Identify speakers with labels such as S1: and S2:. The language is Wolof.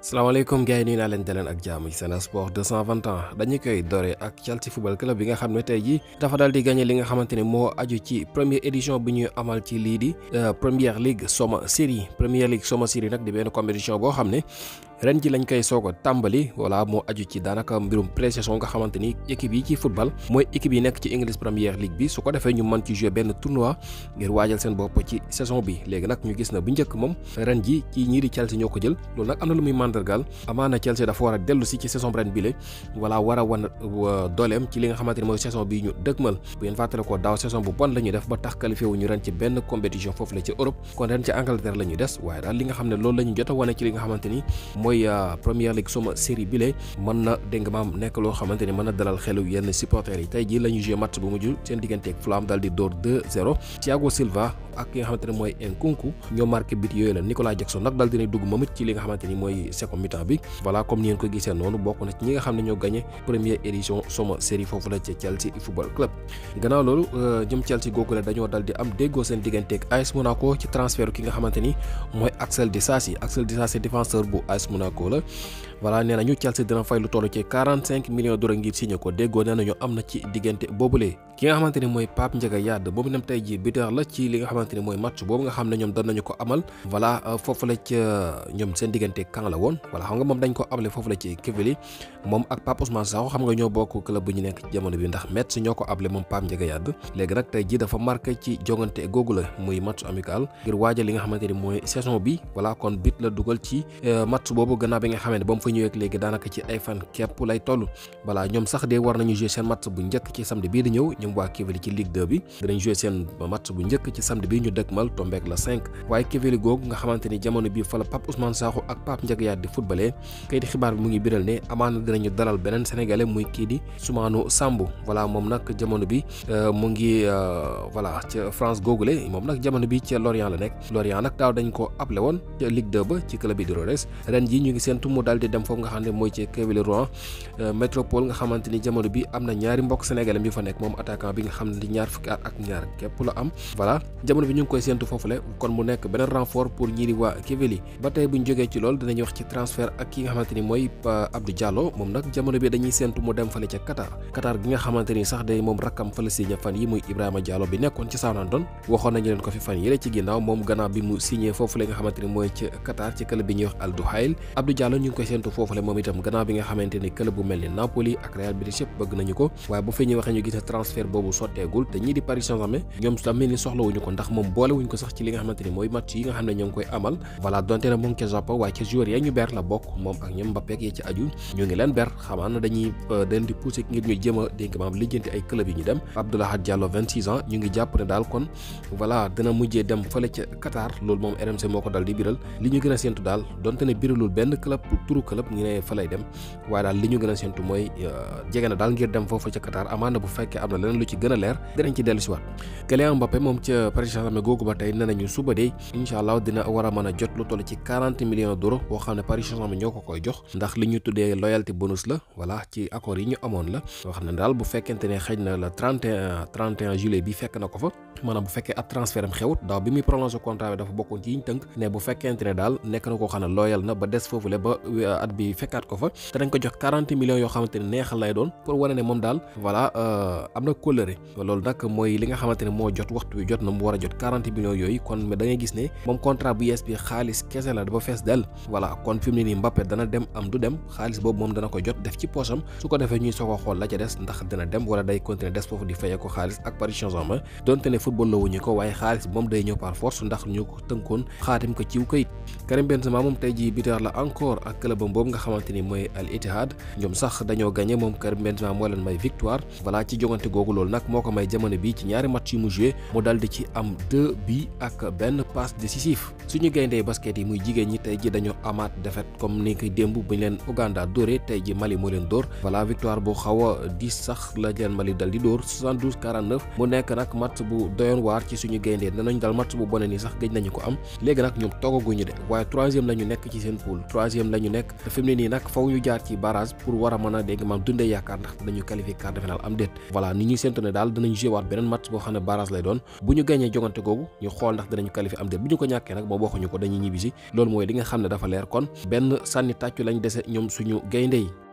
S1: salaamaaleykum gars yi nuyu naa leen di leen ak jàmm ci Sen Sport 221 dañu koy dore ak Chelsea football club bi nga xam ne tey jii dafa daal di gagné li nga xamante ne moo aju ci première édition bi ñuy amal ci lii di euh, première ligue soma série première ligue soma série nag di benn compétition boo xam ne ren ji lañ koy soog a tàmbali voilà moo aju ci daanaka mbirum pré-saison nga xamante ni yi ci football mooy équipe yi nekk ci English Premier League bi su ko defee ñu mën ci jouer benn tournoi bu njëkk moom ren ko lu muy màndargaal amaana Chelsea dafa war a dellu si li nga xamante ni mooy daaw saison bu bon la def ba tax qualifié ren ci benn compétition foofu la ci Europe kon ren ci Angleterre la des waaye daal li nga xam ne loolu la jot a wane ci li nga xamante ni mooy euh, première ligue suma série bile mën na dégg nga maam nekk loo xamante ni mën na dalal xelu yenn supporters yi tey jii la ñu joué match bu mujj seen digganteeg Flamme daal di door 2-0 Thiago Silva ak ki nga xamante ne mooy Nkunku ñoo marqué but yooyu la Nicolas Jackson nag dal dina dugg moom it ci li nga xamante ni mooy second mi-temps bi voilà comme ni ngeen ko gisee noonu bokk na ci ñi nga xam ne ñoo gagné première édition soma série foofu la ci Chelsea football club gannaaw loolu euh, jëm Chelsea googu dañoo dal di am déggoo seen digganteeg AS Monaco ci transfert ki nga xamante ni mooy Axel Disasi Axel Disasi défenseur bu AS Monaco la voilà nee nañu Chelsea dina fay lu toll ci 45 millions d'euros ngir signé ko déggoo nee nañu am na ci diggante boobule ki nga xamante ni mooy Pape Ndiaga Yade moom itam tey jii buteur la ci li nga match boobu nga xam ne ñoom euh, euh, dañ ko amale foofu la ci Quevilly moom ak Pape Ousmane Sakho xam nga ñoo bokk club bu ñu nekk jamono bi ndax Metz ñoo ko amale moom Pape Ndiaga Yade léegi nag tey jii dafa marqué ci jongante googu la muy match amical ngir waajal li nga xamante ni mooy saison bi voilà kon but la dugal ci euh, fa ñëwee ak léegi daanaka ci ay fan képp lay toll voilà ñoom sax de war nañu jouer seen match bu njëkk ci samedi bii di ñëw ñoom waa Quevilly ci Ligue 2 bi dinañ jouer seen match bu njëkk ci samedi bii ñu dëkkmal tombeek la waaye Quevilly googu nga xamante jamono bii fa la Pape Ousmane Sakho ak Pape Ndiaga Yade di footballé kayit xibaar bi mu ngi biral ne amaana dinañu dalal beneen sénégalais muy kii di Soumanou Samb voilà moom nag jamono bi euh, mu ngi euh, voilà ca France googule moom nag jamono bi ca Lorient la nekk Lorient nag daaw dañ ko appelé woon ca Ligue 2 ba ci club bi dem foofu nga xam ne mooy ci Kewele Rouen euh, métropole nga xamante ni jamono bi am na ñaari mbokk sénégalais yu fa nekk moom attaquant bi nga xam ne ñaar fukki ak ñaar képp la am voilà jamono bi ñu ngi koy séentu foofule kon mu nekk beneen renfort pour ñii di waa Kewele ba tey bu jógee ci loolu dinañ wax ci transfert ak ki nga xamante ni mooy euh, Abdou Diallo moom nag jamono bi dañuy séentu mu dem fale ca Qatar Qatar gi nga xamante ni sax day moom rakkam fale signé fan yi muy Ibrahima Diallo bi nekkoon ci Southampton waxoon nañu leen ko fi fan yële ci ginnaaw moom gannaaw bi mu signé foofu nga xamante ni mooy ci Qatar ci club bi ñuy wax Al Duhail Abdou Diallo ñu ngi koy surtout foofu la moom itam gannaaw bi nga xamante ni club bu mel ni Napoli ak Real Betis yëpp bëgg nañu ko waaye bu fi ñu waxee ñu gis transfert boobu sotteegul te ñii di Paris Saint-Germain ñoom tam mel ni soxlawuñu ko ndax moom boolewuñ ko sax ci li nga xamante ni mooy match yi nga xam ne ñoo ngi koy amal voilà donte na mu ca Japon waaye ca joueur ya ñu ber la bokk moom ak ñoom Mbappé ak yi aju ñu ngi leen ber xamaan na dañuy euh, dem Abdoulaye Gallup ñu ne fa lay dem waaye daal li ñu gën a séntu mooy euh, jege na daal ngir dem foofu ca Qatar amaana bu fekkee am na leneen lu ci gën a leer dinañ ci dellu si waat ba tey nee nañu suba a a ñoo ko koy jox ndax li ñu tuddee loyalty bonus la voilà ci accord yi ñu amoon la yoo ne daal bu fekkente ne xëy na la 31 31 juillet bi fekk na ko fa maanaam bu fekkee ab transfert xewut daaw bi muy prolongé contrat dafa bokkoon ci yiñ tënk at bi fekkaat ko fa te dañ ko jox quarante yoo xamante ne neexal lay doon pour wane ne moom daal voilà euh, am na kóllëre loolu nag mooy li nga xamante ne moo jot waxtu bi jot na mu war a jot moom dana ko jot def ci poosam su ko defee ñuy soog a xool la ca des ndax dina dem wala day continuer des foofu di fayee ko xaalis ak Paris saint donte ne football la wuñu ko waaye xaalis moom day ñëw par force ndax ñu tënkoon xaatim ko ciw kayit Karim boobu nga xamanteni moy al ittihad ñom sax dañoo gagné mom kër Benzema mo leen may victoire wala ci jogante gogul lol nak moko may jamono bi ci ñaari match yi mu jouer mu dal di ci am 2 bi ak ben pass décisif suñu gayndee basket yi muy jigéen ñi tay ji dañoo amaat defet comme ni koy dembu buñ leen Uganda doré tay ji Mali mo leen dor wala victoire bu xawa 10 sax la jël Mali dal di dóor 72 49 mu nekk nak match bu doyon war ci suñu gayndee danañ dal match bu bone ni sax gëj nañu ko am légui léegi nag ñoom toogaguñu de 3e lañu nekk ci sen pool 3e lañu nekk fi mu ne nii nag faw ñu jaar ci barrage pour war a mën a dégg maam dundee yaakaar ndax dinañu qualifié quart de finale am déet voilà ni ñuy séntu ne daal dinañ joué beneen match boo xam ne barrage lay doon bu ñu gagné jogante googu ñu xool ndax dinañu qualifié am déet bu ñu ko ñàkkee nag moom waxuñu ko dañuy ñibbisi loolu mooy li nga xam ne dafa leer kon benn sànni tàccu lañ dese ñoom suñu gaynde